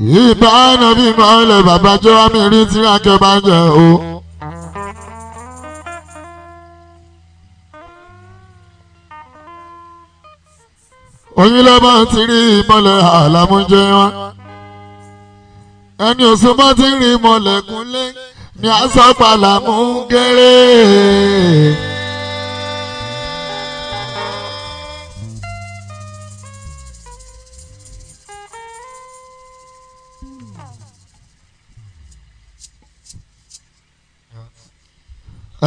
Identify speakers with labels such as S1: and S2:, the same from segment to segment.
S1: ìbá nàbí máa lẹ bàbá jẹ́ wá mi rí tí rákẹ́ bá jẹ o. oyin ló bá ti rí ìmọ̀lẹ̀ àlàmújẹ wọn ẹni òsùn bá ti rí ìmọ̀lẹ̀ kúnlé ni a sọ pàlàmú gẹ́rẹ́.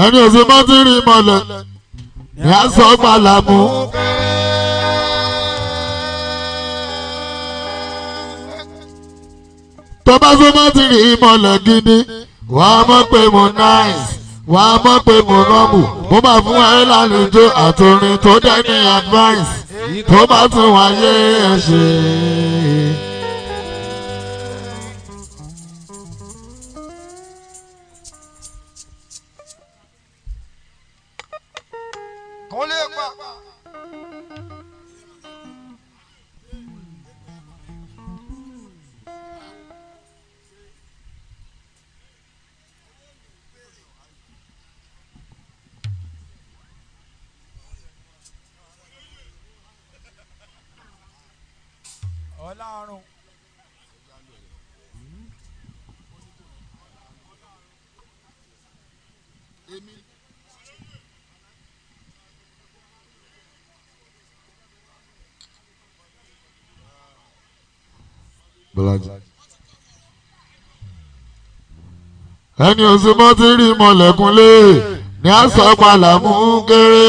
S1: ẹni òsì mọ́tìrì mọ́lẹ̀ ní aṣọ gbàlámù. tó bá fi mọ́tìrì mọ́lẹ̀ gidi wà á mọ̀ pé mo náìsì wà á mọ̀ pé mo rọ́ọ̀mù mo máa fún ẹ lálejò àtòrin tó dẹ́ ní advice tó bá tún wáyé ẹ ṣe Bọ́lájí. ẹni oṣù mọ́ ti rí mọ̀lẹ́kúnlé ní àṣà pàlámù kéré.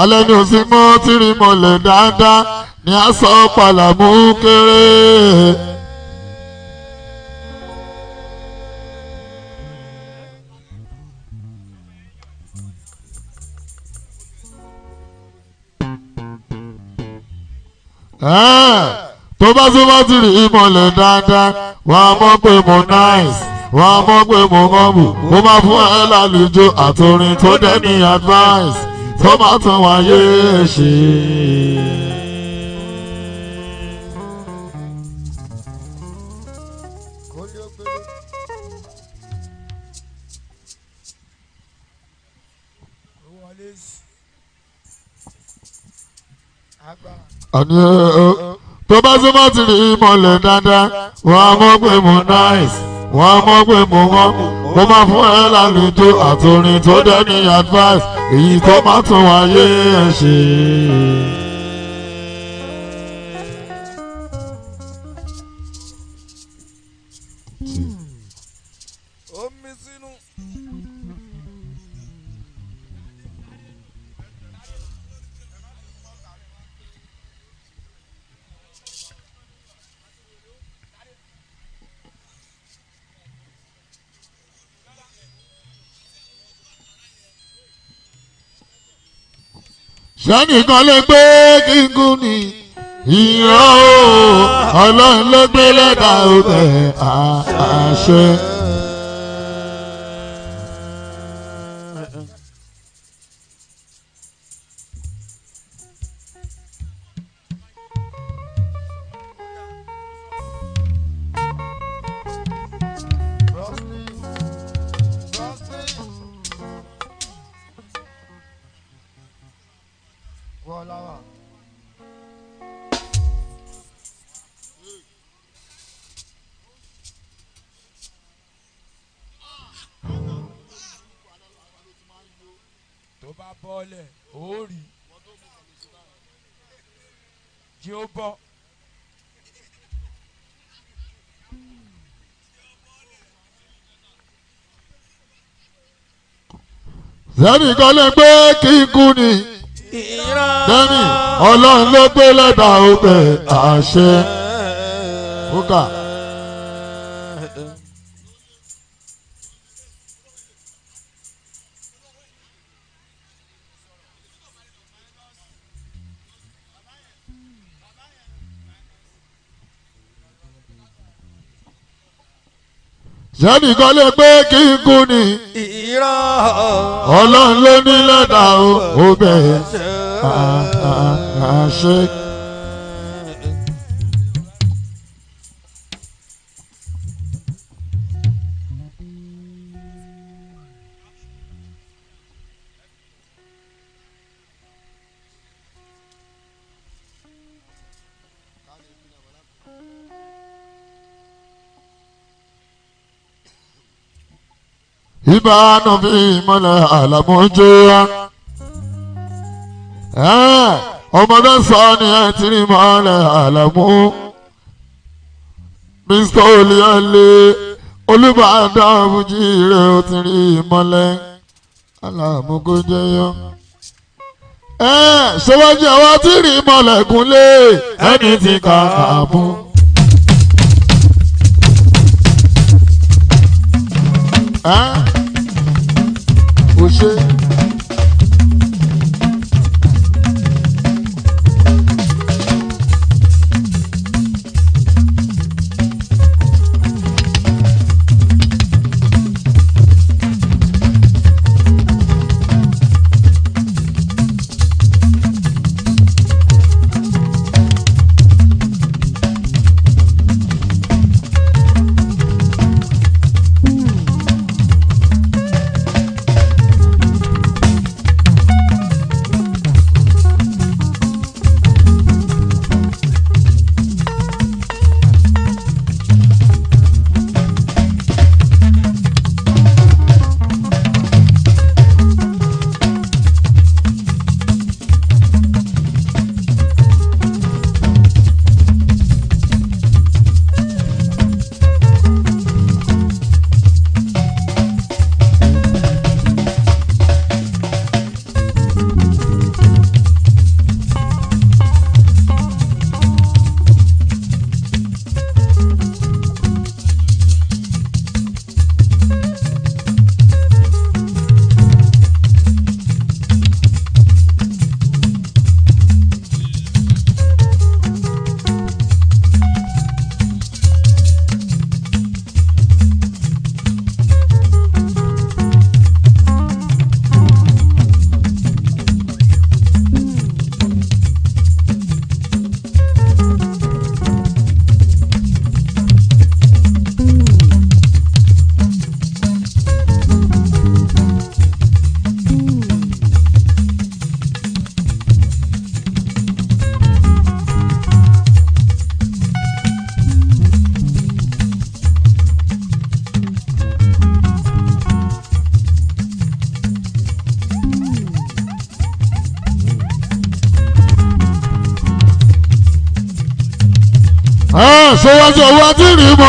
S1: alẹ́ ni oṣù mọ́ ti rí mọ̀lẹ́ dáadáa ní àṣà pàlámù kéré. tó bá tún bá ti rí ìmọ̀lẹ̀ dáadáa wọ́n á mọ̀ pé mo nice wọ́n á mọ̀ pé mo mọ̀mù mo máa fún ẹ lálejò àtòrin tó dẹ́ ní advice tó bá tún wáyé ṣe. àní tó bá súnmọ́ ti rí ìmọ̀lẹ̀ dáadáa wọ́n á mọ̀ pé mo nice wọ́n á mọ̀ pé mo wọ́n mo máa fún ẹ lálejò àtòrin tó dẹ́ ní advice èyí tó má tún wáyé ẹ̀ ṣe. sẹ́nìkan ló gbé gígùn ni ìyá o ọlọ́run ló gbé lẹ́dàá ọbẹ̀ àṣẹ.
S2: ọ lẹ̀ ó rí jí ó bọ́.
S1: sẹ́ni kan lè gbé kí n kú ni sẹ́ni ọlọ́run ló gbé lẹ́dàá ọbẹ̀ àṣẹ. sẹ́nìkan lè pé kí n kú ni. ọlọ́run ló ní lọ́dà ó bẹ̀rẹ̀ ìbánu fi ìmọ̀lẹ̀ àlàmójú wa. ọmọdé sọ ni ẹ ti rí ìmọ̀lẹ̀ àlàmú. mr olùyọlé olùbàdàn àbújí rẹ̀ ó ti rí ìmọ̀lẹ̀ àlàmúgójẹyọ. ṣèwájú àwa ti rí ìmọ̀lẹ̀ gúnlẹ̀ ẹni tí kà á mú. Huh? ó ṣe.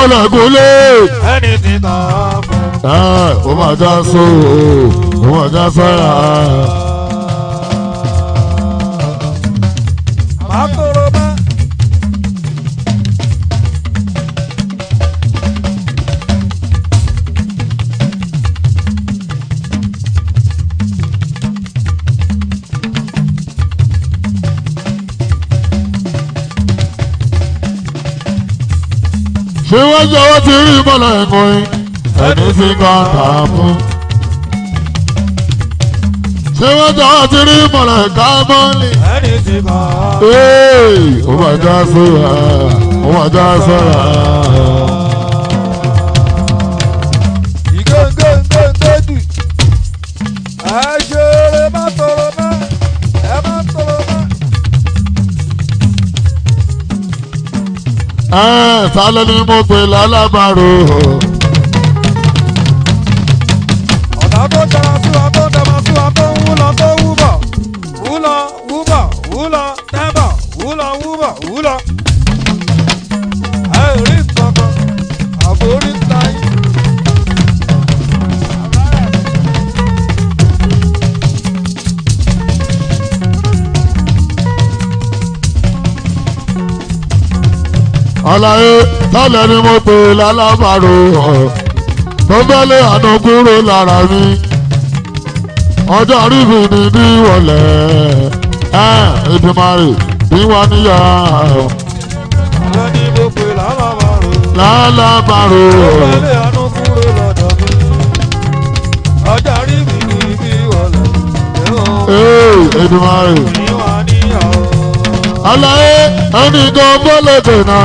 S2: làgúnlé. ẹni tí tàn fún. ẹ ó máa já sóò ó máa já sára. àmọ́ kò.
S1: ṣé wọ́n ṣe wọ́n ti rí ìmọ̀lẹ̀ ìkùnrin ẹni sí kọ́ńtà fún. ṣé wọ́n ṣe wọ́n ti rí ìmọ̀lẹ̀ kámọ́lì
S2: ẹni sí kọ́ńtà.
S1: ee ó máa já sọ́ra ó máa já sọ́ra.
S2: ìgéǹgéǹgé tẹ́jú
S1: Ah àṣálẹ́ ni mo pè lálábàárò. ọ̀nà tó jọra sí wa tó
S2: dẹ̀mọ́ sí wa tó ń lọ tó wú bọ̀ wú lọ wú bọ̀ wú lọ tẹ́bọ̀ wú lọ wú bọ̀ wú lọ. ẹ rí kankan àforí táyì.
S1: Alaye lálẹ́ ni mo pè lálábàárò ọ̀ mo fẹ́ lé àánú kúrò lára mi ọjọ́ ríbi ni ní ìwọ̀lẹ́ ẹ̀ ìdìmọ̀rì bí wọ́n níyà.
S2: lálẹ́ ni mo pè lálábàárò.
S1: lálábàárò. mo fẹ́ dènà.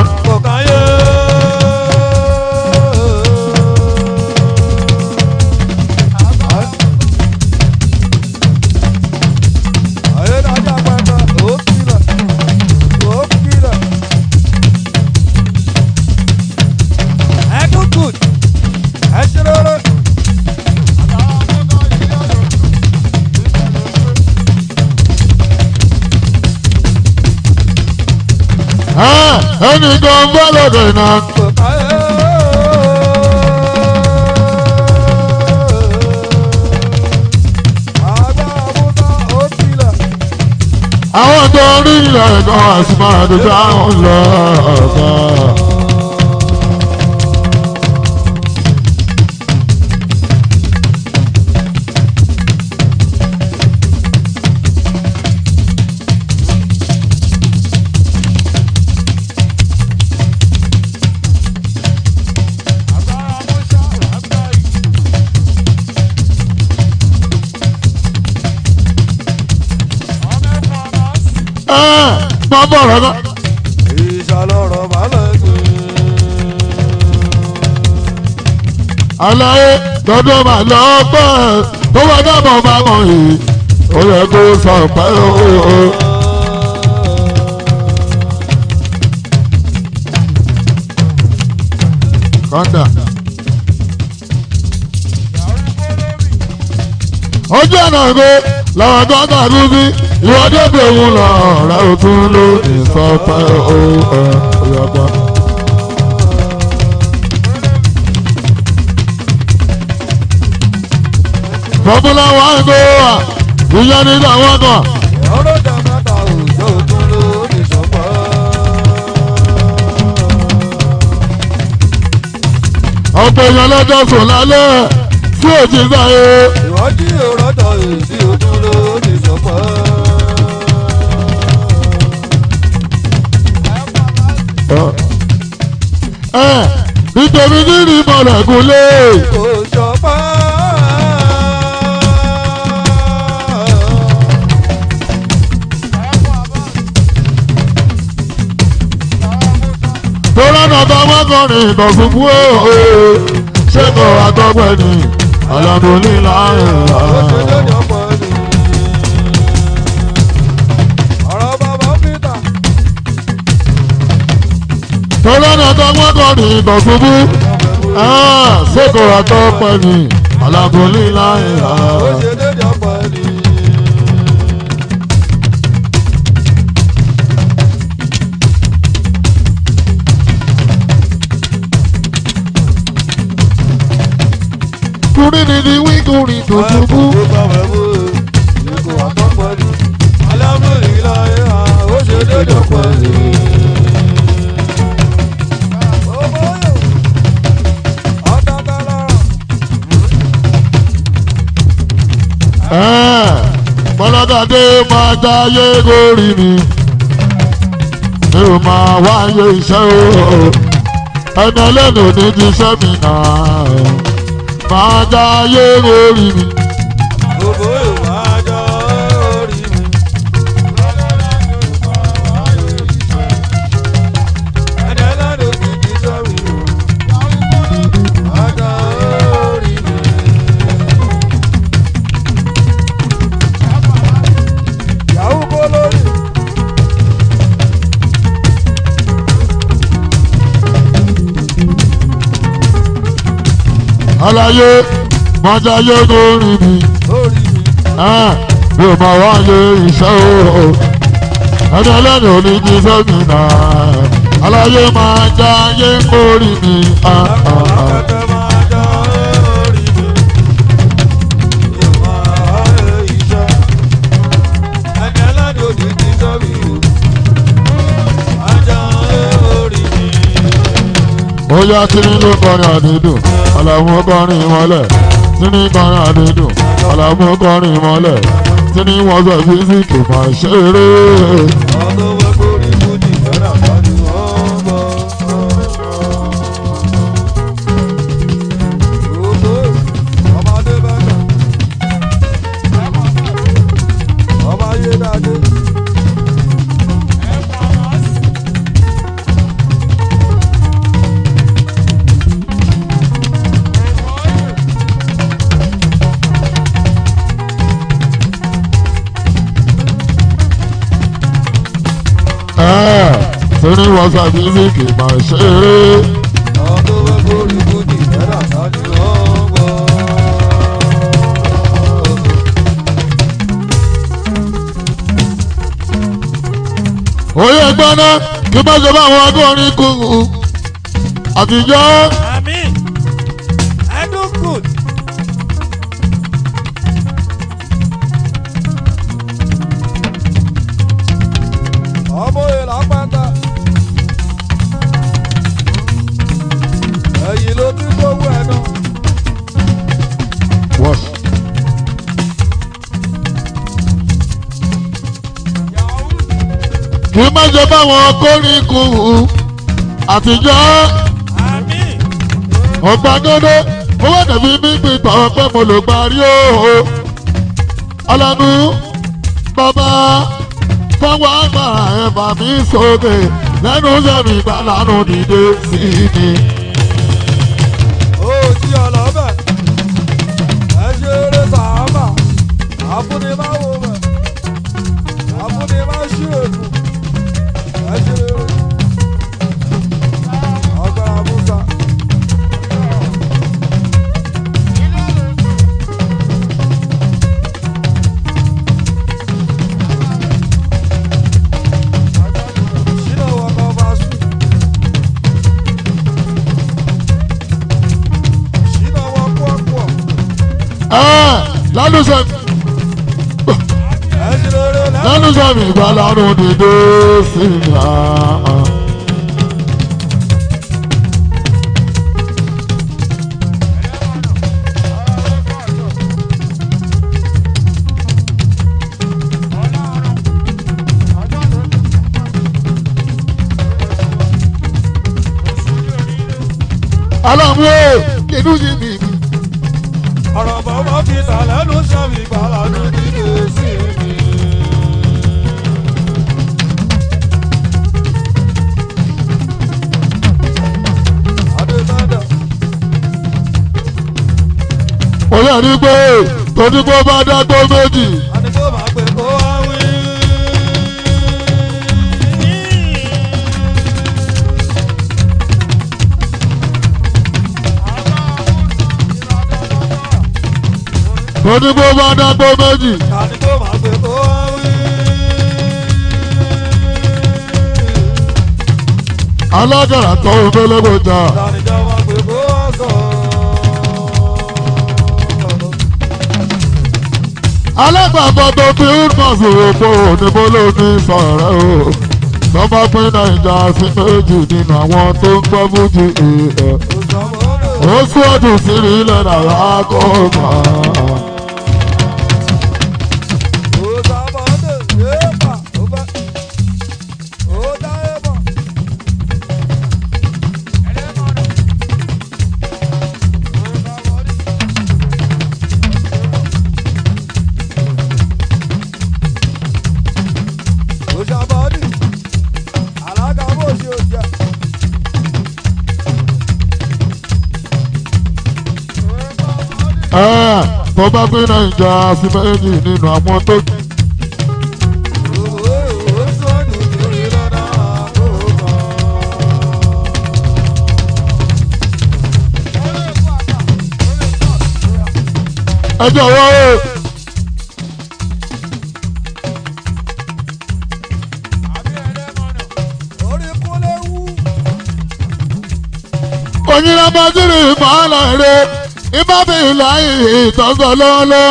S1: ẹnì kan bá lọ́dọ̀ iná. àwọn tó rí ilẹ̀ kan àti máa dojú àwọn lọ́ọ̀kan. máa bọ̀ rárá.
S2: ìṣàlọ́rọ̀ balẹ̀ sí.
S1: aláyé dọ́dọ̀ máa lọ pẹ́ tó wá dábọ̀ bá mọ̀ yìí ó yẹ kó sọ pé kọ́ńdà. ojú ọ̀nà ìgbé làwọn gbọ́dọ̀ rú bí ìwọ́dé bẹ̀rù lọ́ọ̀rá òtún lóde sọ́pẹ́ ó ẹ̀ ọ̀yọ́gbà. bọ́bọ́lá wa ń gbé wa ìyá nínú àwọn kan. ọlọ́jà mẹ́ta òjò òtún lóde sọ́pẹ́. ọ̀pọ̀ èèyàn lọ́jọ́ sùn lálẹ́ sí òjì báyìí. ìwádìí
S2: ìrọ́tọ̀ èsì òtún lóde sọ́pẹ́. ọ̀nà gúnlẹ̀. òjọ̀pọ̀.
S1: tó lọ́nà tó mọ́kànrin ìtọ̀sùnkú o ṣètò àtọ́gbẹ̀ni alhamdulillah láàrin. tọ́lọ́nà tó wọ́n kọ́ ní ìtọ̀sùnbù sókò ah, àtọ́ pẹ́ ni alábòlí láìra. ó ṣe
S2: déédéé ọ̀pọ̀ ẹni.
S1: kúrin ni wíńkùrin tó dúkú. táyé gorí mi mi ò máa wáyé iṣẹ́ o ẹni ẹlẹ́nu ní ti iṣẹ́ mi náà máa táyé gorí mi. aláyé mọ́jáyé tó rí mi mi ò máa wáyé iṣẹ́ o ẹni ẹlẹ́ni ò ní ti sẹ́mi náà aláyé máa jáyé kórìí mi. Ah,
S2: ah, ah.
S1: ó yá tíní ló kọrin àdídùn àlàmú kọrin ìmọ́lẹ̀ tíní kọrin àdídùn àlàmú kọrin ìmọ́lẹ̀ tíní wọ́n sọ físíkì máa ṣeré. wọ́sà mísíkì máa ṣe é. oyè gbọ́ná kí bá ṣe bá àwọn adúlọ́rin kú àtijọ́. kì í má ṣe báwọn kórìkù àtijọ́ ọ̀gbàgódé mo wá dàbí mímí ìtàn pé mo lè parí o alanu bàbá fáwọn àgbà ẹ̀fà mi sókè lẹ́nu sẹ́mi ìgbà lánàá dìde sí ni. lánàá sọmi lánàá sọmi ìgbà lánàá dídé sí i. torí pé ó bá dá tó méjì.
S2: àti tó bá pè kó wá wí.
S1: torí pé ó bá dá tó méjì.
S2: àti tó bá pè kó wá wí.
S1: alágàrà tó ń fẹ́ lẹ́gbẹ̀ẹ́ jà. alábàbọ̀ tó fi ń mọ̀ sí òpó òdìbò ló ti sọ̀rọ̀ o tó bá pín nàìjà sí méjì nínú àwọn tó ń gbọ́ fújì èèyàn ó sọ́ọ̀dù sí rí lẹ́nà àkọ́kọ́. tó ah, bá gbé nàìjà sí méjì nínú àwọn tó kì. ẹjọ́ wọ́n o. onye na ere ìbábi ìlà ìtọ́sọ lọ́lọ́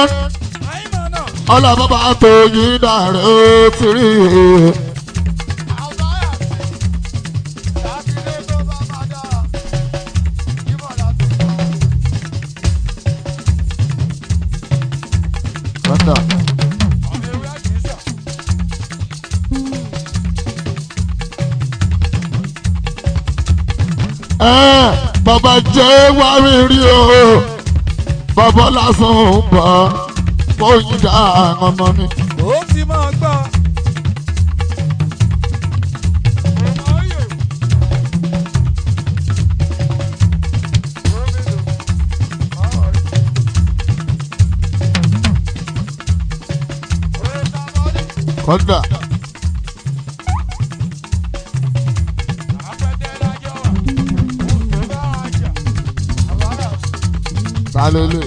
S1: ọlọ́mọba tó yí dàrú tìrì. jẹ́ wá rírí o bàbá lásán ò ń bọ̀ kó
S2: yín dá ọmọ mi. ó ti máa gbà.
S1: kódà. ta oh. ló lè.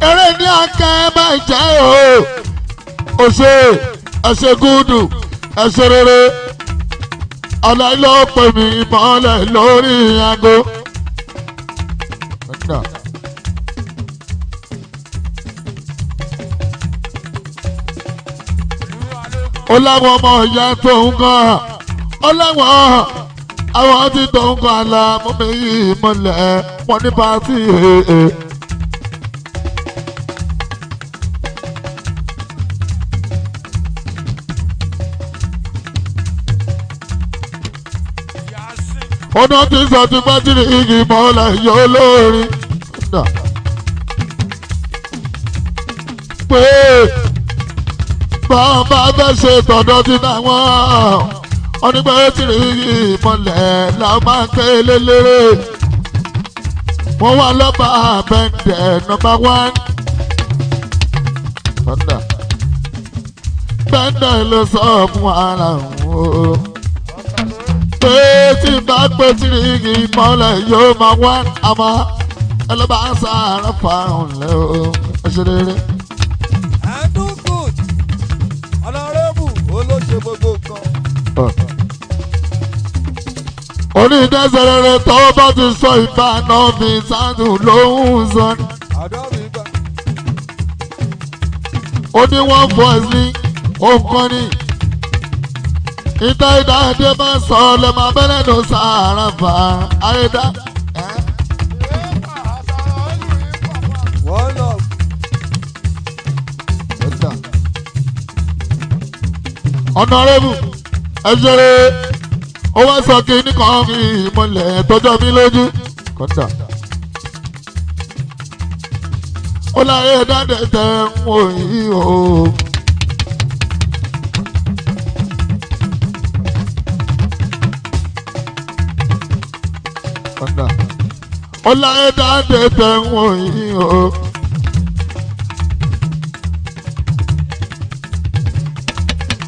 S1: eré ní akẹ́ bá jẹ́ o òṣè ẹ̀ṣẹ̀ gúdù rere aláìlọ́pẹ̀ mi ìmọ̀lẹ̀ lórí ọláwọn ọmọ ìyá tó ń gan ọláwọn àwọn ti tó ń gan àlà mọ́mí yìí mọ́lẹ̀ wọn ní pàtì èè. ọdún ti sọ ti pátìrì igi mọ́lá ìyá olórin. pé bá bá bẹ́ ṣe tọ̀dọ̀ ti dá wọn. wọ́n ní pé tìrì ìmọ̀lẹ̀ la máa ń ké lélẹ́rẹ́. wọ́n wá lọ́ba bẹ́ńdẹ̀ nọ́mbà wán. bẹ́ńdẹ̀ ló sọ fún ara wọn. pé tí bá pé tìrì ìmọ̀lẹ̀ yóò máa wán àmọ́ ẹ lọ́ba sàárà fáwọn lẹ́wọ̀n ẹ ṣe rere. ìbàdàn. onídẹ́sẹ̀rẹ̀rẹ̀ tó bá ti sọ ìbàdàn fi sánú lóhùn sọ́ni. ó ní one voice ní òǹkan ní. ìta ìdá ẹ̀dẹ́ bá sọ lẹ́mọ abẹ́rẹ́ ló sàárà fà á ayédá. Honorable ẹ̀ṣẹ̀rẹ̀ ó wá sọ kínní kan fi ìmọ̀lẹ̀ tọjọ́ mi lójú kọ́ńtà. ó láyé dáadé tẹ ń wò yí o. ó láyé dáadé tẹ ń wò yí o.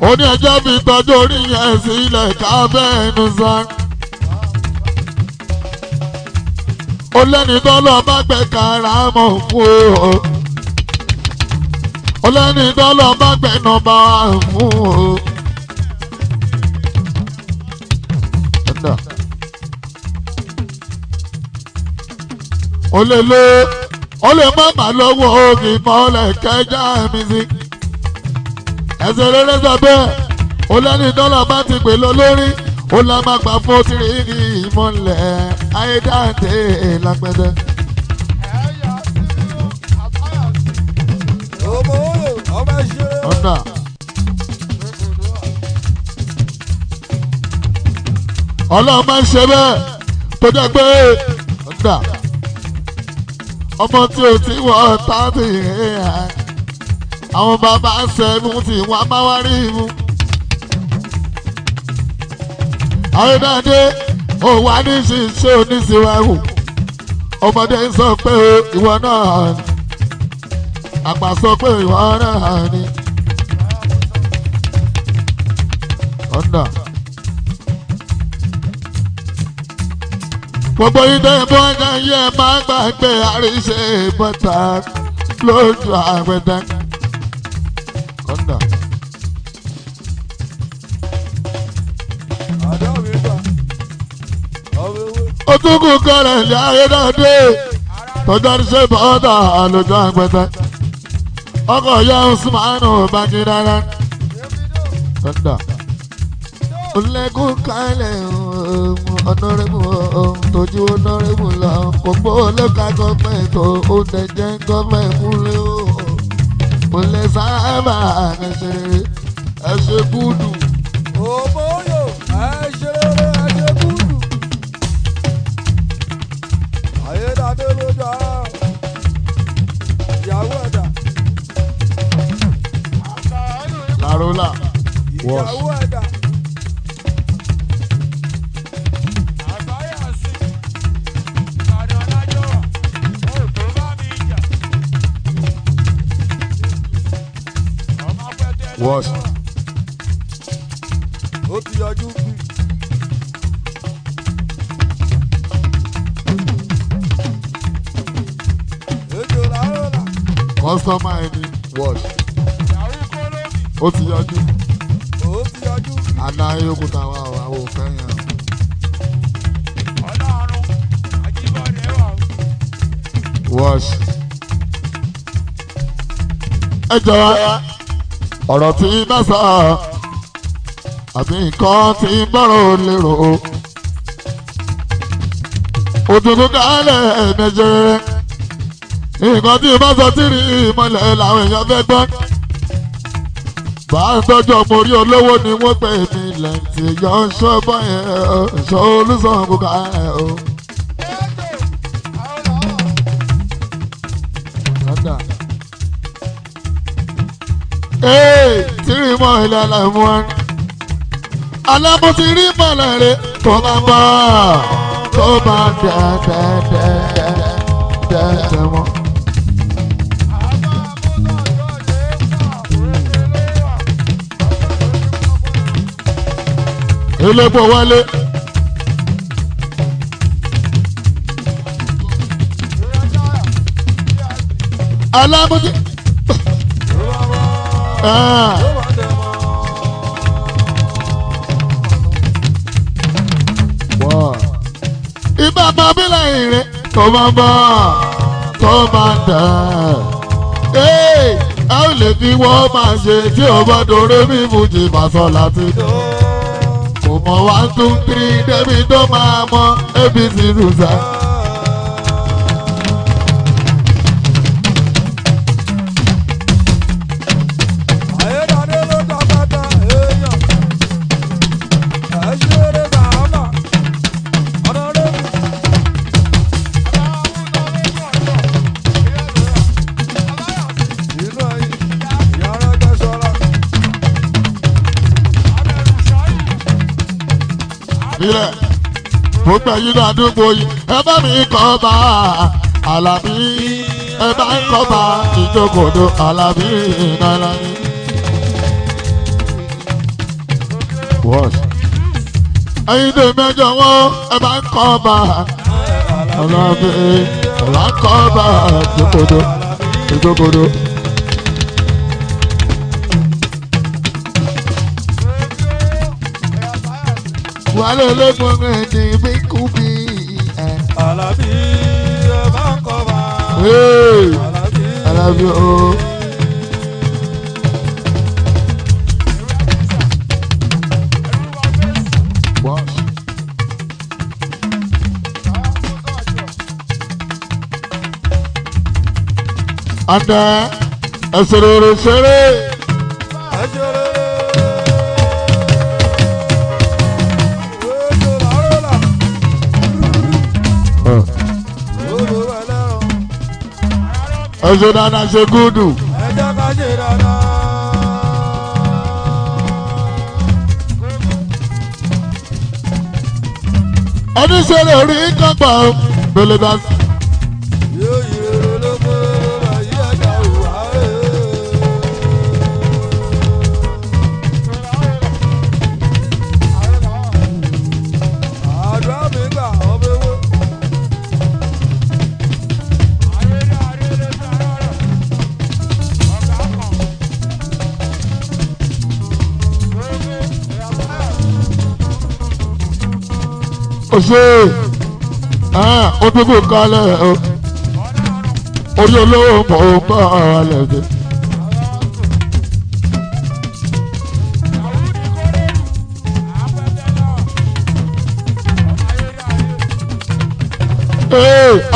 S1: ó ní ẹjọ́ fi tọ́jú orí yẹn sílẹ̀ káfẹ́ ẹnu san. ó lẹ́ni tó lọ bá gbẹ kàrà mọ̀ fún o. ó lẹ́ni tó lọ bá gbẹ nọmba fún o. ó lè lo ó lè má bà lọ́wọ́ ògì mọ́lẹ̀ kẹjá mi sí ẹsẹ̀ rere sọ bẹ́ẹ̀ ó lẹ́ni dọ́là bá ti pè lọ lórí ó lá máa gbà fún òtítì ní ìmọ̀lẹ̀ ayédáǹdè lápẹ́tẹ́. ọ̀nà. ọlọ́run máa ń ṣe bẹ́ẹ̀ tó jẹ́ pé ọ̀nà ọmọ tí ò tí wọ́n tá ti rìn àná àwọn bàbá sẹ́gun tí wọ́n bá wá rí mu. àrídáde òwà ní ṣiṣẹ́ oníṣìwáhù ọmọdé ń sọ pé ìwọ náà ni àgbà sọ pé ìwọ náà ni. ọ̀nà. gbogbo ìdá ìbọn ajá yẹ máa gbàgbé àríṣe ìbọn ta lójú àgbẹ̀dẹ́gbẹ̀. òtúkù kọrẹ ní ayé náà dé tọjọrí ṣe bọ́ọ̀dà àlùjọ àgbẹ̀tẹ̀ ọkọ̀ ya usmanu bàkìdára tọ́ndà olẹ́kùn kalẹ̀ ọ̀nọ́rẹ́mù tójú ọ̀nọ́rẹ́mù lọ gbogbo olóka gọ́ọ̀mẹ̀ntì ó dẹ̀jẹ̀ gọ́ọ̀mẹ̀ntì kúnlẹ̀ o olè sábà àkàṣe ẹ̀ṣẹ̀ gúdù. òbóyò ẹ̀ṣẹ̀. Wash. jẹ ọ̀rọ̀ tí mẹ́sà àti nǹkan tí ń bọ̀rọ̀ lérò òtútù kálẹ̀ méje nǹkan tí bá sọ tí rí ìmọ̀lẹ̀ làwọn èèyàn fẹ́ gbọ́ bá ń tọ́jú ọmọ orí olówó ni wọ́n pè mí lẹ́ǹtì yọ̀ ń ṣọ́ bọ́ yẹn ṣọ́ olùsọ̀ǹkù kálẹ̀ o. tìrì mọ́ ilẹ̀ àlàmú wọn. alábò ti rí mọ̀lẹ́ rẹ̀ tó bá ń bọ̀ tó bá ń dẹ̀ dẹ̀ dẹ̀ dẹ̀ dẹ̀ mọ́. elépo wálé. alábòtí ibà máa bí lẹ́yìn rẹ̀ tó máa bọ̀ tó máa dà á ò lè fi wọ́n máa ṣe tí o bá dorí mi fújì máa sọ láti dùn. kò mọ̀ wá tún kiri débi tó máa mọ abc rúṣà. mo gbẹ̀yìn náà dúpọ̀ yìí ẹ bá mi kọ́ bá Àlàbí ẹ bá ń kọ́ bá ìjókòó Àlàbí náírà. ẹyin tó mẹjọ wọn ẹ bá ń kọ́ bá Àlàbí ẹ bá ń kọ́ bá ìjókòó ìjókòó. wàhálà ológun ọmọ ẹ̀dín bí. Àlàbí ẹ bá ń kọ́ bá. Ada ẹsẹ̀ ẹ ṣe dáadáa ṣe gúdù.
S2: ẹ jẹ́ ká ṣe dáadáa.
S1: oníṣẹ́lẹ̀ orí kọ́pọ̀ gbẹlẹ́dà ṣe ó dúdú kálẹ̀ o orí olówó mọ̀ ó bá ara lẹ̀ dé.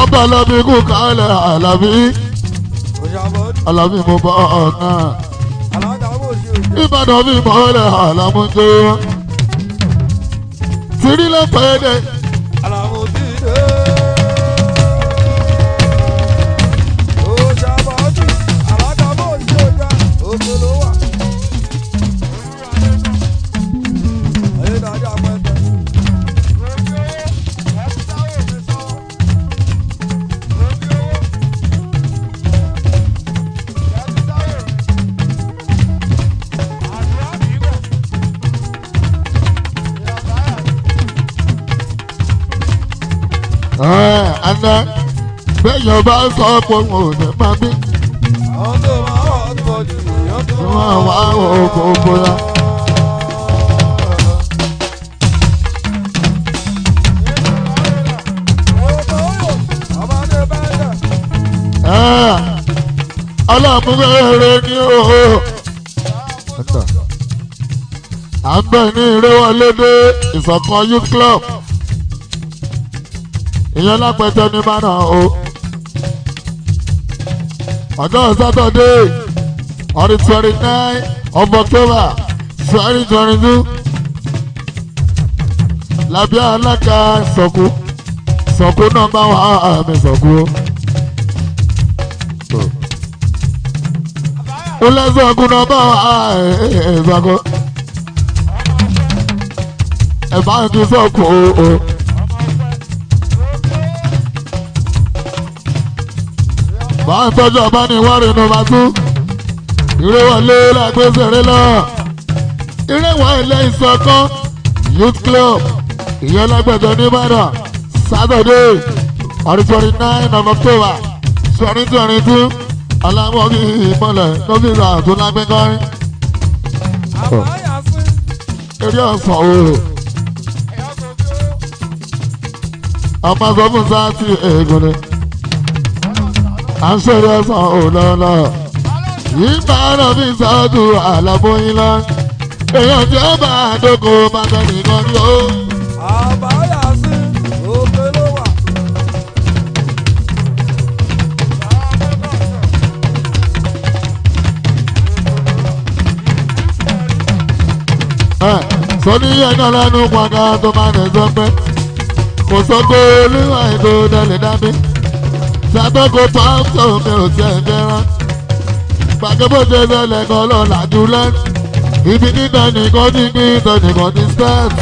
S1: ọba alábí kú kálẹ̀ alábí alábí mo bá ọ náà ìbàdàn mi mọ̀ ọ́ lẹ̀ àlámúndé tìrí lẹ́pẹ̀ẹ́dẹ́. ná bẹ́yàn bá sọ pé wọn ò ní máa gbé. àwọn tó máa wà ọ̀tọ̀ ni èèyàn tó bóyá. ọlọ́múgbẹ́rẹ́ ni ó à ń bẹ̀ ní ìrẹ́wọlédè ìṣọ̀kan youth club ìyẹn lápẹjọ ní mánà o. ọjọ́ sátọ̀dé ọdún twenty nine of October twenty twenty two làbíà alága sọ̀kú sọ̀kú náà bá wà àmì sọ̀kú o. ó lẹ́sọ̀ ọ̀gùn náà bá wà àmì sọ̀kú. ẹ̀ bá ń kí sọ̀kú o. o. bá ń tọ́jú ọba ní ìwọ́rì nọ́mbà tú ìrè wọlé lágbèsèrè lọ ìrè wọn ilé ìsọ̀kan youth club ìyẹn lágbẹ̀jọ ní Ìbàdàn Saturday on twenty nine of October twenty twenty two alámọ̀gì ìmọ̀lẹ̀ lọ́fíìsì àtún lágbẹ́kọ́rin. eré ọ̀sán oòrùn. ọmọ sọ fún sáà tí eégún ni à ń ṣeré fún òlọ́lọ́ ìgbà náà fi ń ṣáájú àlàbóyin lọ èèyàn tí ó bá àdókò bàtà
S2: nìkan ni ó. àbáyà sí òkè ló wà.
S1: sọ́ni ẹ̀nà lẹ́nu pàdà tó máa ń sọ pé kò sọ pé olúwa ètò dalẹ̀ dá mi sàtọ́kọ pásítọ̀ mi ò tẹ̀ fẹ́ràn gbàgbọ́dé bẹ́lẹ̀ kan lọ làdúrà ibi níta nìkan ní gbé ìtàn nìkan ní stars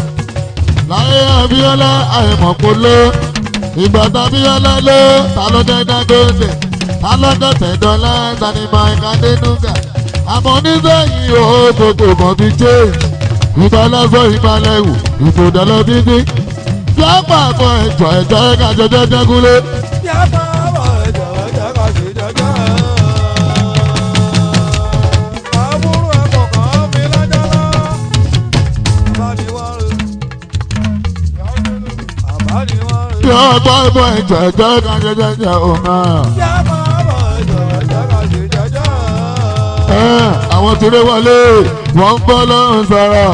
S1: láyé Abíọ́lá àìmọ̀kó ló ìgbà tábíọ́lá ló ta ló jẹ́ Dangote ta ló jẹ́ tẹ̀dọ́lá tani Mike Adenuga àmọ́ nísẹ́yìn o gbogbo kan ti jẹ́ ìbálẹ́sọ ìbálẹ́wò ìfòdàlọ́ bíbí. Yàpá àpọ̀ ẹ̀jọ̀ ẹ̀jọ̀ ẹ̀ka jọjọ́ jẹ́gúnlé. Yàpá. jọ gbọ́ bọ́ ìjọ̀jọ́ kan jẹjẹjẹ ò mọ̀. àwọn tèrè wọlé wọ́n ń bọ́ lọ́rùn sọ̀rọ̀.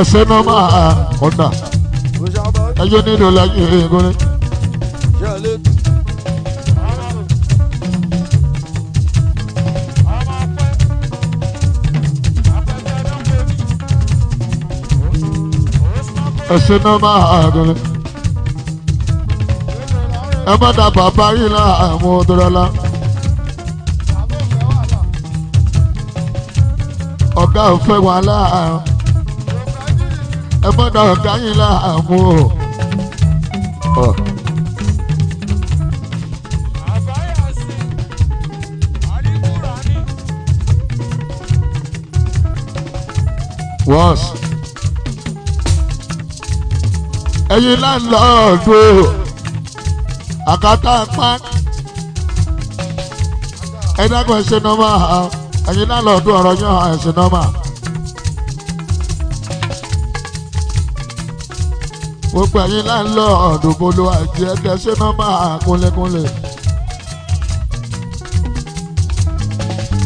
S1: Asẹ́nọ́mà ọ̀nà ẹjọ́ nílò lájú ìgbóni. ẹ̀sìn náà máa àgọ́lẹ̀. ẹ má da bàbá yìí láàmú ọdọ́rọ́lá. ọ̀gá òfẹ́ wà láàrún. ẹ má da ọ̀gá láàmú ọ̀rọ̀ once. ẹ̀yin láńlọ́ọ̀dù àkàtà pa ẹ̀dá kan ṣe nọ́mà ẹ̀yin láńlọ́ọ̀dù ọ̀rọ̀ yẹn ṣe nọ́mà. mo pè yín láńlọ́ọ̀dù bolo àti ẹ̀kẹ́ ṣé máa máa kúnlẹ̀kúnlẹ̀.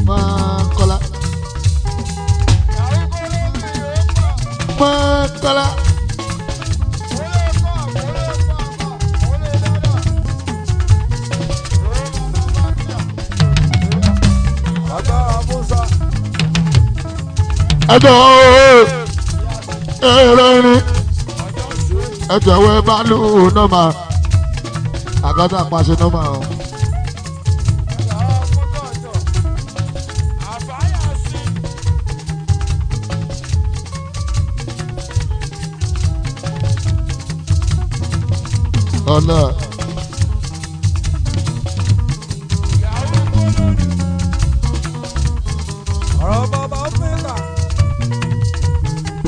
S1: mọ́kọ́lá. mọ́kọ́lá. ẹjọ́ ooo. ẹjọ ẹwẹ bá lù ú nọ́mà àgọ́dọ̀ àpàṣẹ nọ́mà o. ọ̀nà.
S2: ọ̀rọ̀ bàbá fẹ́ràn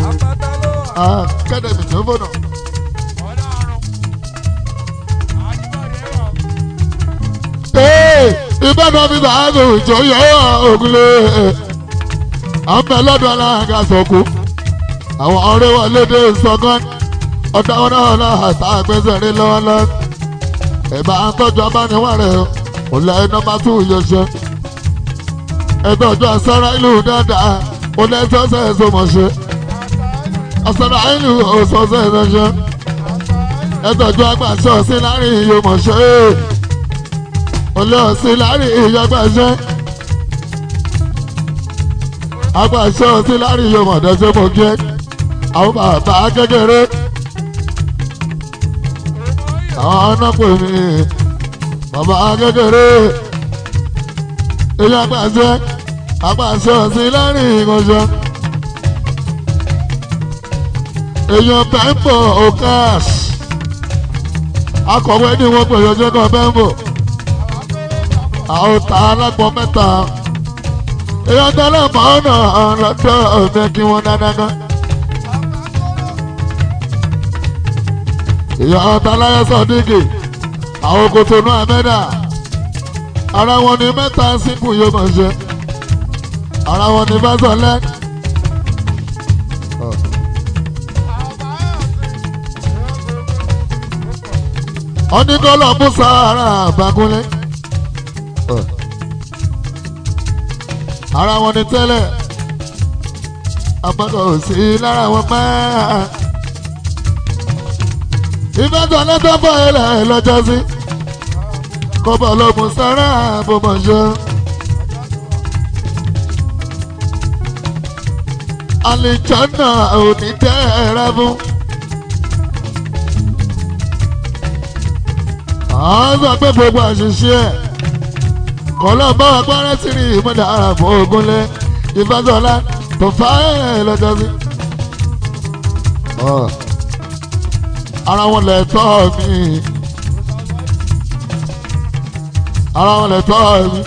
S2: àpáta ló
S1: wà. kẹ́dẹ̀ bàbá mi bàbá òjò yọ ògùnlé àmì lọ́dọ̀ alága sọ̀kú àwọn ọ̀rẹ́ wa lédè sọ́gán ọ̀dà wọn náà náà àtà àgbẹ̀sẹ̀rẹ̀ lọ́wọ́lọ́wọ́ ẹ̀bà àtọ́jú abániwárẹ̀ ọ̀là iná bá tún yọṣẹ́ ẹ̀tọ́jú asára ìlú dáadáa ọ̀là ẹ̀tọ́sẹ̀ ẹ̀sọ́ mọ̀ṣẹ́ asára ìlú ọ̀sọ̀ọ̀sẹ̀ ẹ̀sọ́ṣẹ́ ẹ̀tọ́jú agbàṣọ́ sí láàrin ìyọ̀mọ̀ṣẹ́ olóòsì lárí ìyọgbàṣẹ agbàṣẹ òsì lárí ìyọmọdọṣẹ mo gé àwọn bàbá kékeré àwọn ọ̀nàpọ̀ mi bàbá kékeré ìyọgbàṣẹ agbàṣẹ òsì lárí ìkọṣẹ èèyàn bẹ́ńbò okas akọ̀wé ni wọ́n pè yọjọ́ kan bẹ́ńbò. àwọn ta mẹ́ta èèyàn tó lọ́mọ ọ̀nà kí wọ́n dáadáa gan. èèyàn tó láyé sọ̀dígì àwọn kòtònú ara wọn ni mẹ́ta si yóò mọ̀ ṣe ara wọn ni bá sọ lẹ́kì. ara ara wọn ni tẹ́lẹ̀ àmọ́kọ̀ ò sí lára wọn máa. iná tọ́lá tó bọ̀ ẹ́ là ẹ́ lọ́jọ́ sí kó bọ̀ lóògùn sára bó mọ̀ ṣe. àlejò náà ò ní tẹ́ ẹ àwọn sọ pé gbogbo àṣìṣe ẹ̀ kọlọ́bọ̀ gbọ́rẹ́ sí rí ìmọ̀dà ara fún ogunlé ìfàsọ́lá tó fà ẹ́ lọ́jọ́ sí. Ah. ara wọn lè tọ́ mi ara wọn lè tọ́ mi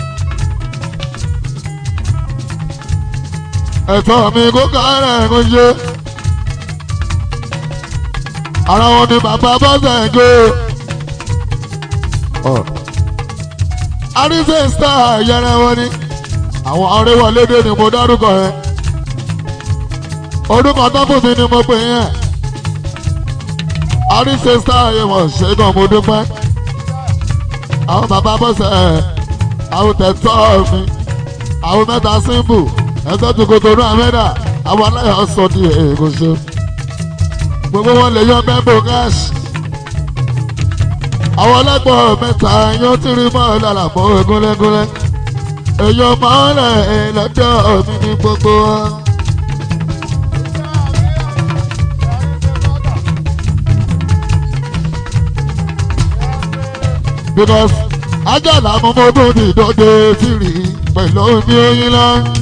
S1: ẹ̀tọ́ mi kó kárẹ̀ kó ṣe ara wọn ni bàbá bọ́sẹ̀ gbé àríṣe star yẹrẹ wọn ni àwọn aréwọlédè ni mo dárúkọ yẹn orúkọ tábùsì ni mo pè yẹn àríṣe star yẹn wọ́n ṣẹ́gun mo dúpẹ́ àwọn bàbá bọ́sẹ̀ àwọn tẹ̀tọ́ mi àwọn mẹ́ta símbù ẹ̀tọ́ tó kòtòrò àmẹ́dà àwọn aláyọ̀ sọ ní èkó ṣe gbogbo wọn lè yọ mẹ́mbò gáàsì àwọn ọlọ́gbọ̀n mẹ́ta yóò ti rí mọ́ lálàpọ̀ gúnlẹ́gúnlẹ́ èèyàn máa ń rẹ̀ lọ́jọ́ mi ní gbogbo wa. because ajá làmúmọ́dún nìdọ́dẹ́ tìrì pẹ̀lú omi oyin lọ́wọ́.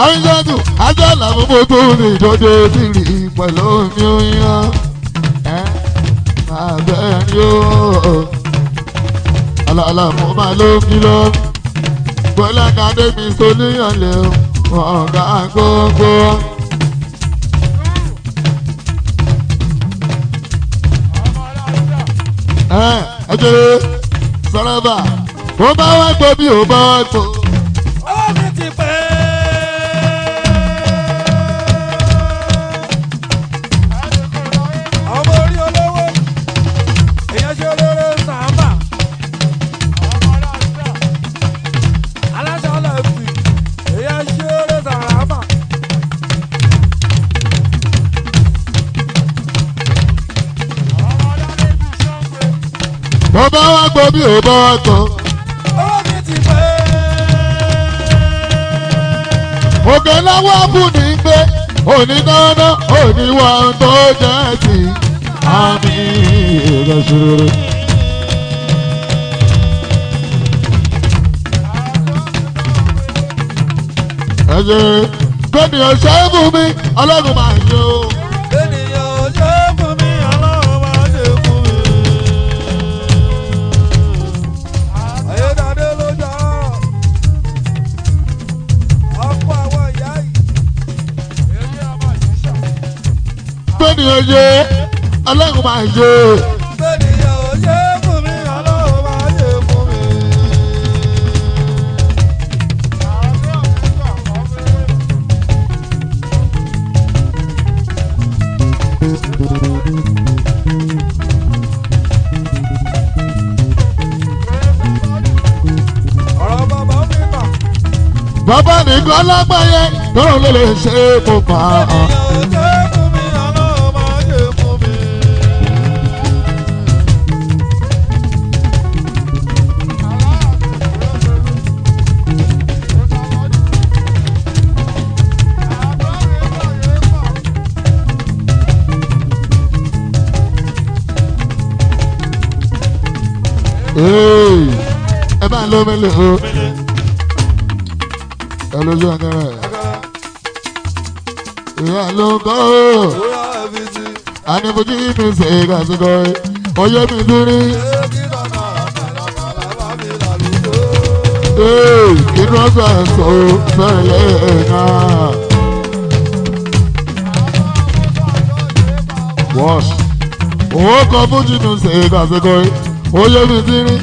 S1: àńjọ́dún ajọ́là gbogbo tó lè dọ́dẹ sí rí pẹ̀lú omi oyan máa bẹ́ẹ̀ ni ó alàlà mo máa ló mi lọ bọ́lá kàdé mi solúyàn lè ọ̀gá gbogbo. ẹ ẹ jẹrẹ sọ̀rọ̀ bá bó bá wá gbó bí ó bá wá gbó. gbọ́ bí ò bá wá kan. ògè lọ́wọ́ bù ní gbé òní dáná òní wà tó jẹ́ sí àmì ìrẹsìrò. ẹ̀jẹ̀ gbẹ̀mí ọ̀ṣẹ́ bù mí ọlọ́run máa yọ. bẹ́ẹ̀ni oye ọlọ́run máa yé. bẹ́ẹ̀ni oye
S2: fún mi ọlọ́run máa yé fún mi.
S1: bàbá nìkan lágbáyé lọ́rùn ló lè ṣe é kó pa á. ẹ bá ń lo mele o ẹ lójú ọ̀gára ìyá ló ń bọ́ o ànífojú inú ṣe é kásìkò oyè mi dúró. inú ọgbà sọ fẹlẹ náà. wọ́ọ̀ṣì owó kan fún jìnnú ṣe é kásìkò yìí oyè mi ti rí.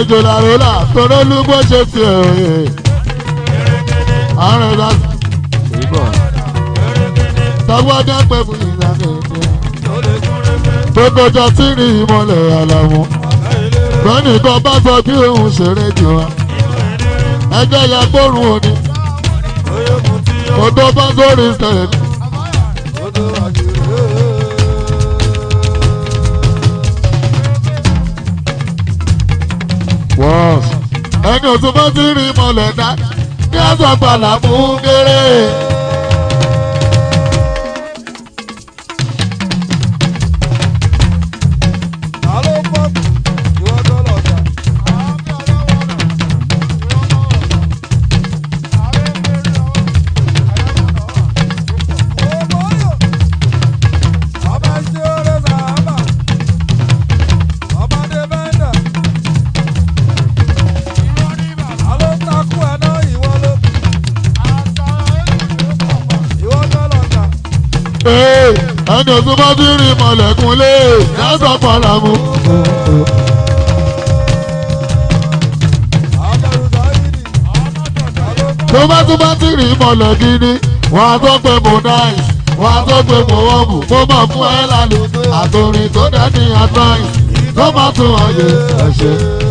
S1: ejò làrò là tọ́lá ló gbọ́ ṣe fi òye àrùn ìdá ìbọ̀ tọ́gbọ́dá pẹ̀lú ìlànà ìdí gbogbo ọjọ́ tí rí ìmọ̀lẹ̀ àlàmú bẹ́nìkan bá sọ kí òun ṣeré jù wá ẹgbẹ́ ya gbórùn òní odò bá sórí sẹ́yìn. ẹni òtún bá ti rí mọ̀lẹ́dá ní àgbàgbà làmú kéré. ènìyàn tó bá ti rìn mọ̀lẹ́kúnlé yàtọ̀ pàlàmù. tó bá tún bá ti rìn mọ̀lẹ́ gidi wọ́n á tọ́ pé mo dáì wọ́n á tọ́ pé mo wọ́ọ̀mù kó mọ̀ fún ẹ́ lálẹ́ àtòrìn tó dání àtàyè tó má tún ọ̀yẹ́ ẹ̀ṣẹ̀.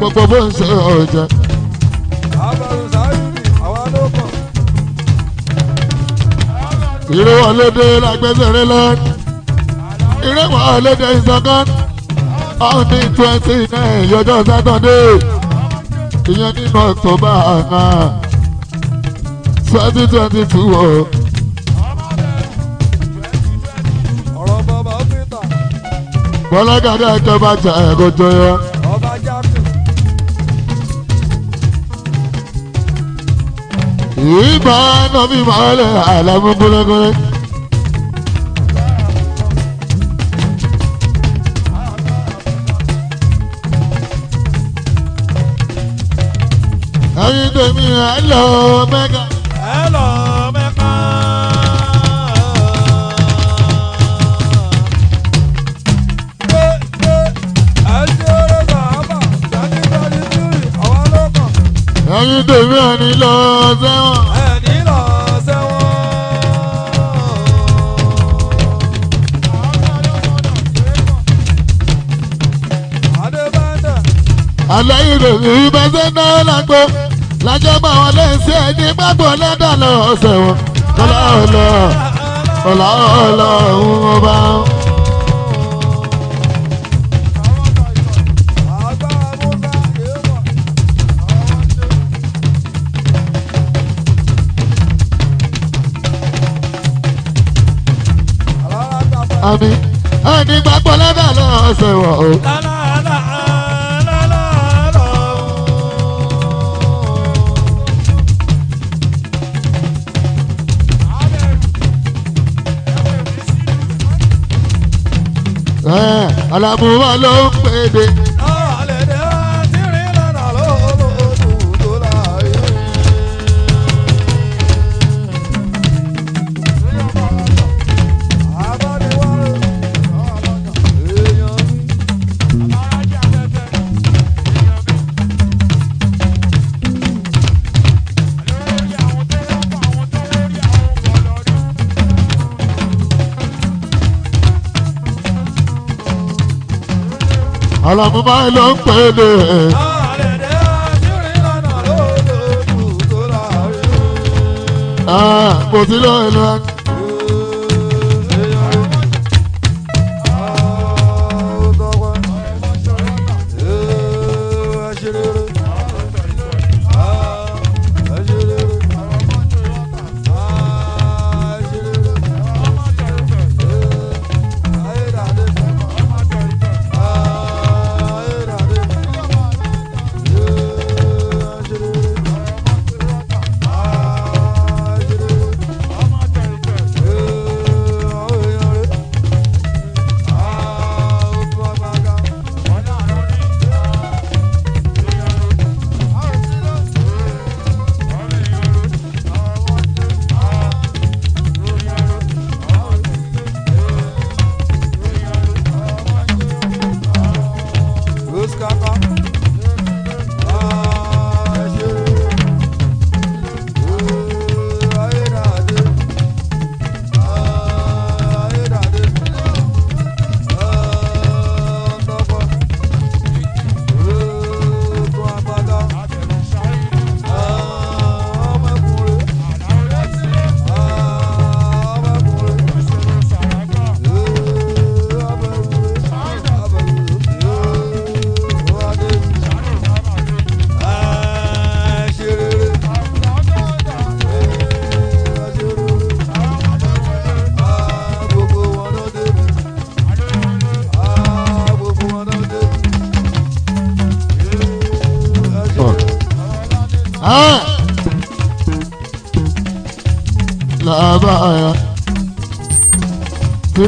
S1: gbogbo bó ń ṣe ọjà. ìró ọlọ́dẹ lágbẹ́sẹ̀rẹ́ lọ ìró ọlọ́dẹ ìsọ̀kan ọ̀hún ní twenty nine yọjọ́ sátọ́dé ìyẹn nínú October náà twenty twenty two o. bọ́lá gàdá ẹ̀jọba jà ẹ̀kọ́ jọyọ. ìbá náà fi máa lẹ àlàmú kúlẹ́kúlẹ́. ẹyin tèmi ẹ lọ ẹ̀yin tèmi ẹni lọ sẹ́wọ̀n. ẹni lọ sẹ́wọ̀n. àlẹ́yìn tèmi ibà sẹ́ńdá lágbo lájọ́ bá wọn lẹ́sẹ̀ ẹni gbàgbọ́ lẹ́dà lọ sẹ́wọ̀n. ọlọ́ọ̀lọ́ ọlọ́ọ̀lọ́ ọ̀hún ọba. àmín ẹni gbàgbọ́ lẹ́bẹ̀ náà ṣẹ̀wọ̀ o. alámúwá ló ń pèdè. Àlàmú báyìí ló ń pè dé. àrẹ̀dẹ̀ àṣírí lọ́nà ló lè kú tó láàrin. kò sí lóye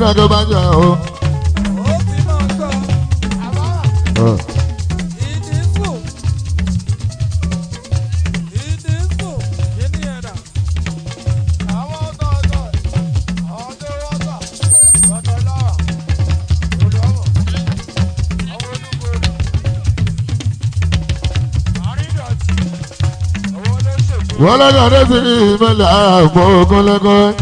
S1: náà tó bá jà o. wọ́n lọ́dọ̀ ọdún sí ìmọ̀lẹ́ àgbọ̀ ogun lẹ́kọ̀ọ́.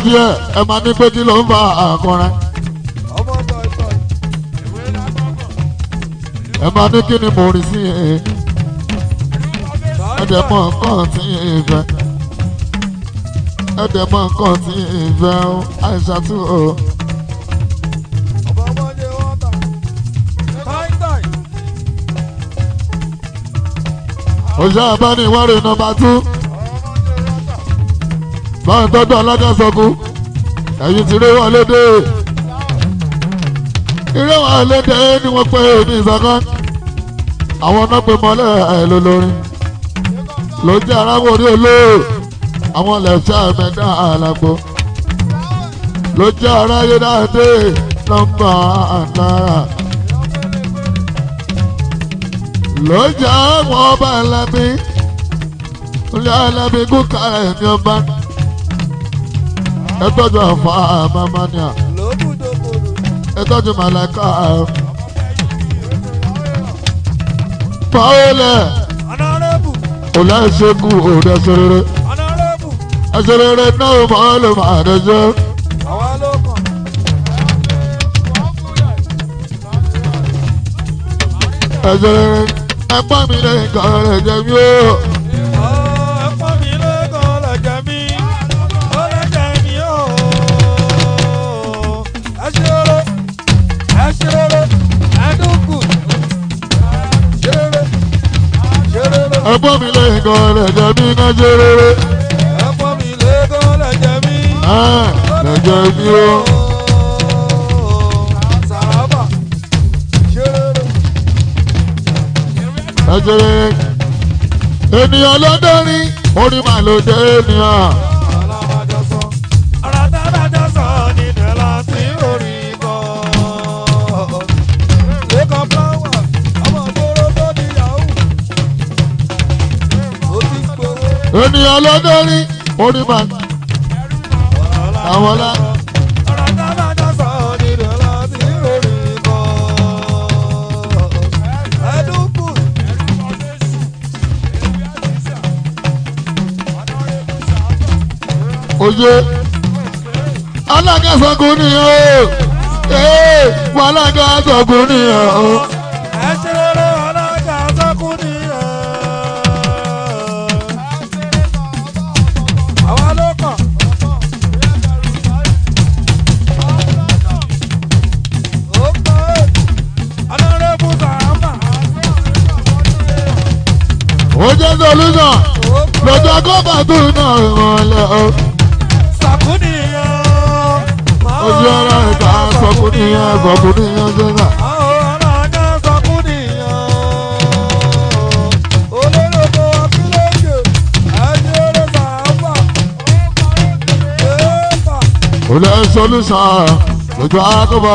S1: díẹ̀díẹ̀ ẹ máa ní pé kí ló ń fa àkọrin. ẹ máa ní kí ni mo rí sí ẹ ẹ dẹ̀ mọ nǹkan tí ẹ fẹ́ ẹ dẹ̀ mọ nǹkan tí ẹ fẹ́ o àìsàtú o. òṣèré abániwárí nọ́mbà two báwọn tọ́jú aládàsọ́kú ẹ̀yìn ti rí wọn lédè irú wọn lédè ni wọ́n pé ní ìsọ̀kan àwọn náà pè mọ́lẹ̀ àìlò lórin ló jẹ́ arákùnrin olóò àwọn lẹ́fṣà mẹ́ta àlàpọ̀ ló jẹ́ aráyé dáadé nọ́mbà àtàrà ló jẹ́ àwọn ọba ẹlẹ́mí olú ẹlẹ́mí kúkà ẹ̀ ọba ẹ tọ́jú àfa àmàmánìà ẹ tọ́jú màláìka fàólẹ̀ òlà ìṣègùn òde ṣerere ẹṣerere náà fàólẹ̀ màdẹ́jọ́. ẹṣerere ẹgbọ́n mi lẹ́yìn kan rẹ̀ jẹ́ mi ó. ẹ̀pọ̀ mi lẹ́gàn lẹ́jẹ̀ mi ná ṣe rere. ẹ̀pọ̀ mi lẹ́gàn lẹ́jẹ̀ mi. lẹ́jẹ̀ mi o. sàràbà ṣe rere. ẹ ṣe rere. ènìyàn ló dẹ́rìn orí màá ló dé ènìyàn. ènìyàn ló dórí orí mà àwọn ọlá. oye alága sọkùnrin o wàhálà ga sọkùnrin o. solution lọ́jọ́ kọ́ba tó náà wọ́n lọ. sàkúnìyàn ojú ara ìta sàkúnìyàn sàkúnìyàn jẹ́nà. olè solution lọ́jọ́ kọ́ba.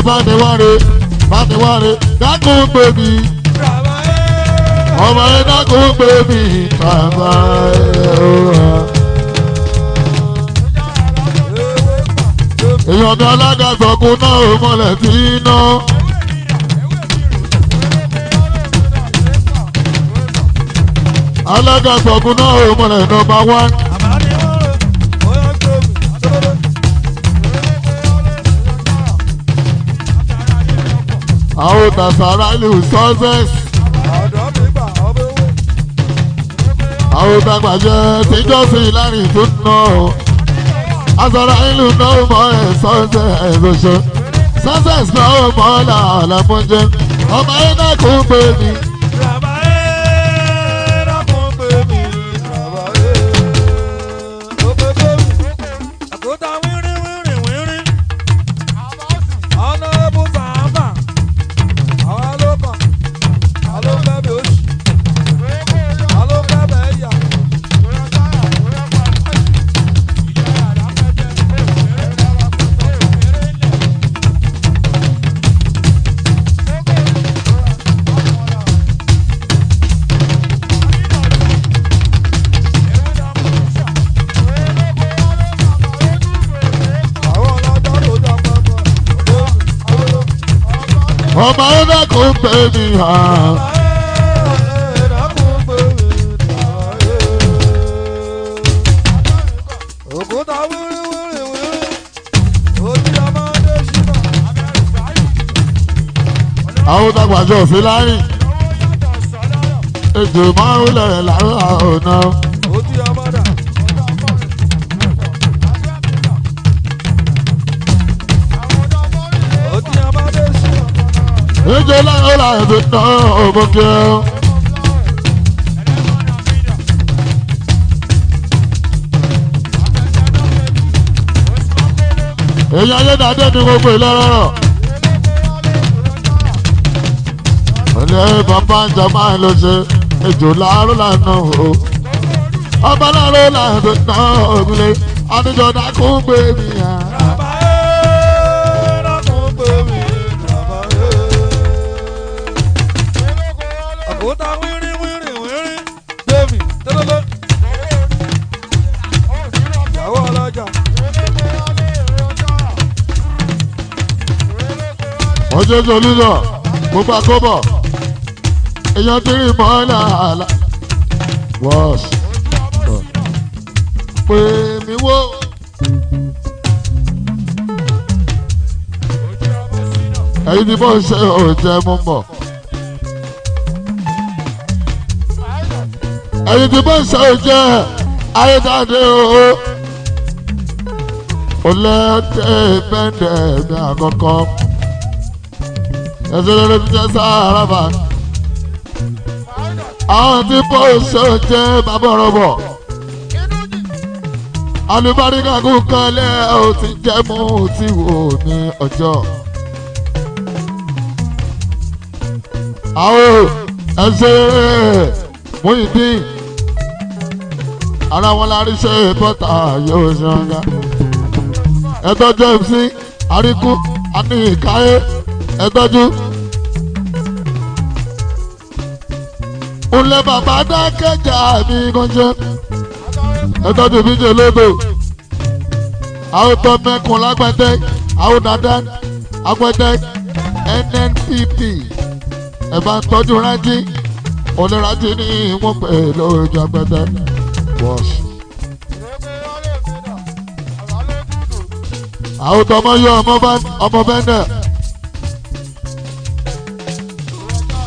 S1: abánewáre abánewáre dákun pè mí ọmọ ẹ dákun pè mí bàbá ẹ òwà. èèyàn mi alága gbọ̀ngàn náà ò mọ̀lẹ̀ bí iná. alága gbọ̀ngàn náà ò mọ̀lẹ̀ nọ́mbà one. àwọn tàṣàrà lè success. àwọn tàgbàjẹ tíjọ́sìn lárin tó ná o azọra ìlú náà mọ ẹ success ọṣọ success náà mọ làálàmọjẹ ọmọ iná kò gbé mi. mi hàn.
S2: òkúta wíríwírí wírí òjìlá máa dé síbà.
S1: àwọn òtàgbàjọ òfin láàrin ètò máa ń wílẹ̀ rẹ̀ àwọn náà. ìjọ láyọ̀ láyọ̀ tó ná ọmọ kí ẹ. èyí ayédáadé ni mo pè lọ́rọ̀. ọ̀lẹ́ bàbá ń jà máa lọ ṣe ìjọ láàárọ̀ lànà o. ọba láàárọ̀ lànà ògùnlé adéjọ́ dákú gbé mi. ọjọ́sọ lúlọ̀ mo bá kó bọ̀ èèyàn tírì mọ́lá àlá wọ́ọ̀sì pè mí wò. ẹ̀yin ni mo ń ṣe òòjẹ́ mú mọ̀. ẹ̀yin ni mo ṣe òòjẹ́ ayédáde o. olè tẹ́ mẹ́tẹ̀ẹ́ mi àkọ́kọ́ sàràbà àwọn tí bó ṣe jẹ́ bàbá ọ̀rọ̀ bọ̀ alùbáríkà kú kanlẹ̀ ó ti jẹ́ mú ti wò ní ọjọ́. àwọn ẹsẹ̀ mú ìdín ara wọn lárí ṣe bọ́tà yóò ṣanga. ẹ̀tọ́jú mc àríkú àti ìkáyé ẹ̀tọ́jú. òun lẹ bàbá dákẹ́jà mi gànjẹ́ ẹ tọ́jú mi jẹ lódò àwọn tó mẹ́kun lágbẹ́dẹ́ àwọn dandan agbẹ́dẹ́ nnpp ẹ bá ń tọ́jú rántí onírántí ní wọ́n pè lójú agbẹ́dẹ́ wọ́ọ̀sì. àwọn tó mọ yọ ọmọ bẹ́ẹ̀ náà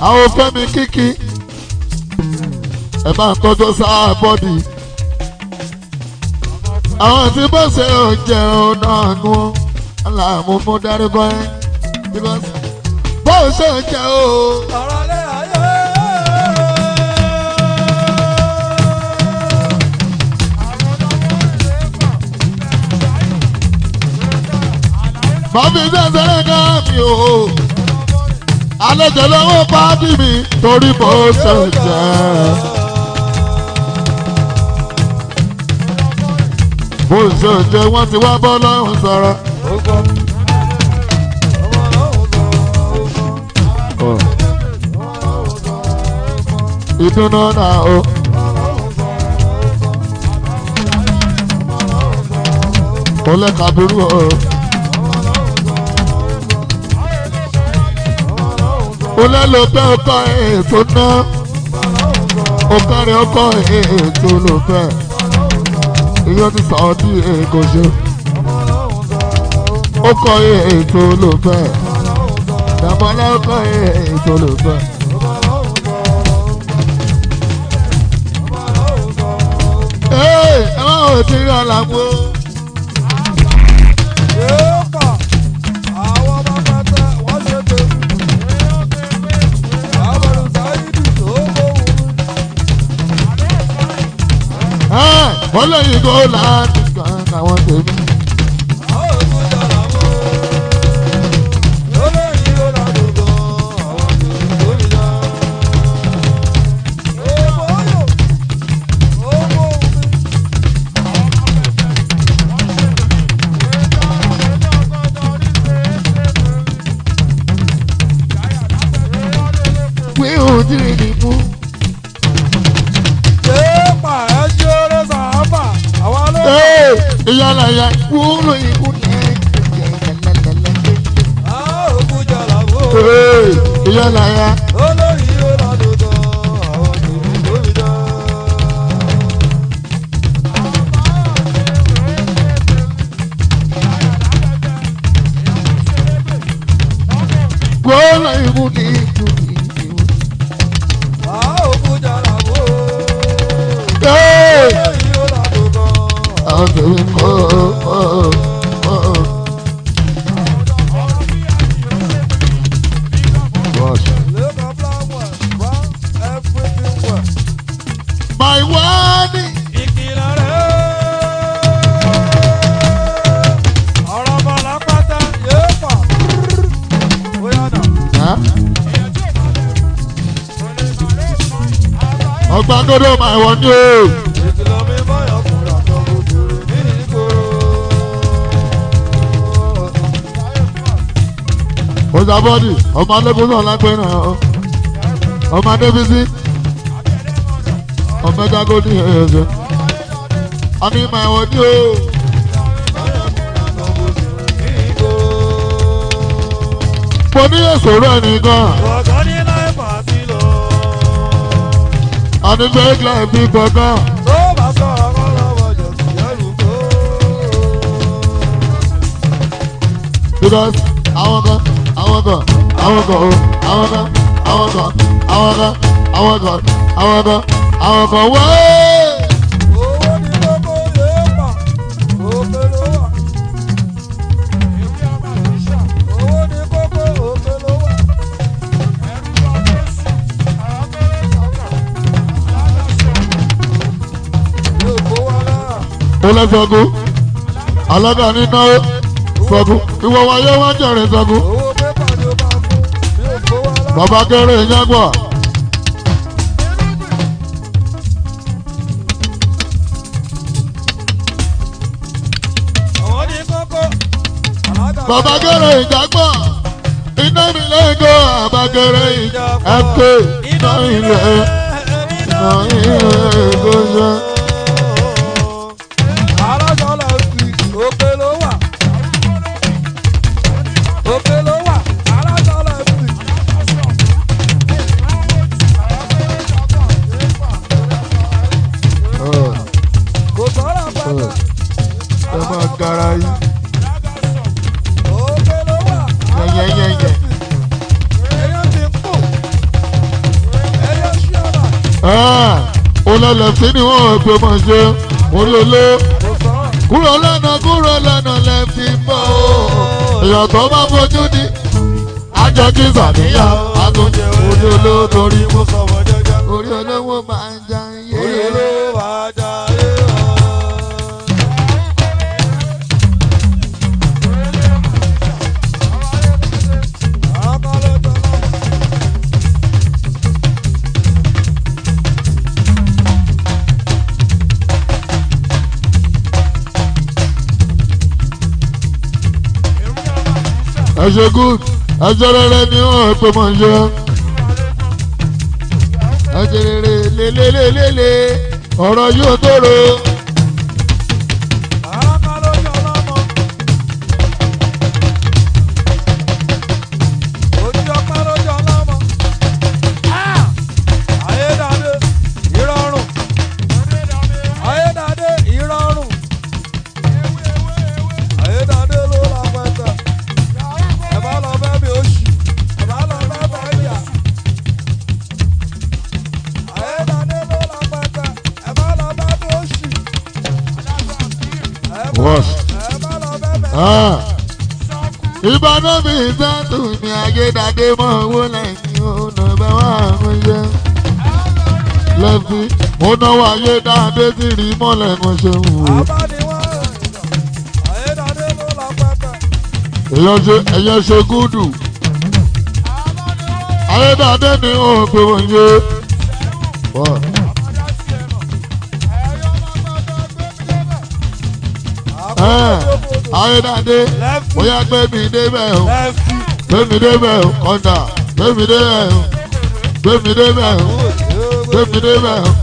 S1: àwọn fẹ́mi kíkì ẹ bá ń tọ́jú sáà bọ́dì. àwọn tí bó ṣe oúnjẹ òun náà nu ó aláàmú mú dárúkọ ẹ bó ṣe oúnjẹ òun. mọ̀mí sẹ́sẹ̀rẹ́ náà mi ò. àlejò lọ́wọ́ pàdé mi torí mo ṣe jẹ́. bó ṣe ṣe wọ́n ti wá bọ́ lọ́hùn sọrọ. ìdùnnú náà o. kò lè kàbírú o. o lè lo ọkọ ọkọ ìyẹn ti sọ ọtí èkó ṣe ó kọ ètò olùfẹ́ dàbọ̀lá ó kọ ètò olùfẹ́. ẹ ẹ máa wò ó ti rí ọ̀làmú o. wọ́n lóyún kó láti gbà káwọn tèmi. liar ọmọ alẹ́kùn náà lápẹ́ náà ọmọ adébísí ọmọ ẹ̀dágó ní ẹ̀ẹ́dẹ́ àmì ìmọ̀ ẹ̀wọ̀n ní o. mo ní ìṣòro ẹ̀ nìkan. àníṣe ìgbà ìbí gbọ̀ngàn. because àwọn kan àwọn kan àwọn kan àwọn kan àwọn kan àwọn kan àwọn kan àwọn kan àwọn kan wọ́ọ́. olè sọgùn alága nínú sọgùn ìwọ wáyé wá jẹrẹ sọgùn bàbá kéré yángbọ̀. bàbá kéré ìjàgbọ̀ iná mi lẹ́gọ̀ àbákẹ́rẹ́
S2: ìjà ẹ̀kẹ́ iná mi lẹ́gọ̀ iná mi lẹ́gọ̀ yẹn.
S1: kí ni wọ́n pè mọ̀ ṣe orí olé kúrò lọ́nà kúrò lọ́nà lẹ fi mọ́ èèyàn tó bá fojú ni àjọ kí sàníyàn àtúnjẹ orí
S2: olóòtórí mú sọ.
S1: ẹ ṣe good ẹ ṣe rere ni wọ́n pè mọ́ ṣe. ẹ ṣe rere lélelélele ọ̀rọ̀ yóò tóró. mi mọ́lẹ̀ mo ṣe wù ú. ẹ̀yẹ ṣe gúdù. ayédáadé ni ó pè wọ́n yé. ayédáadé bóyá gbé mi débẹ̀ o gbé mi débẹ̀ o kọ́ńdà gbé mi débẹ̀ o gbé mi débẹ̀ o gbé mi débẹ̀ o.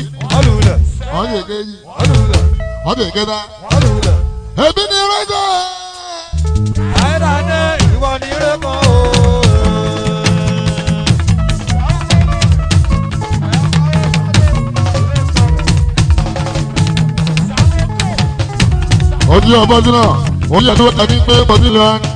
S1: ọyọ èkejì ọdún ìkẹta
S2: ebi ni rẹjọ. àìdá ní ìwọ ni rẹkọ o.
S1: ojú ọbọ jùlọ ojú ẹni wọ́n kàdí pé bọ́dí lọ́wọ́.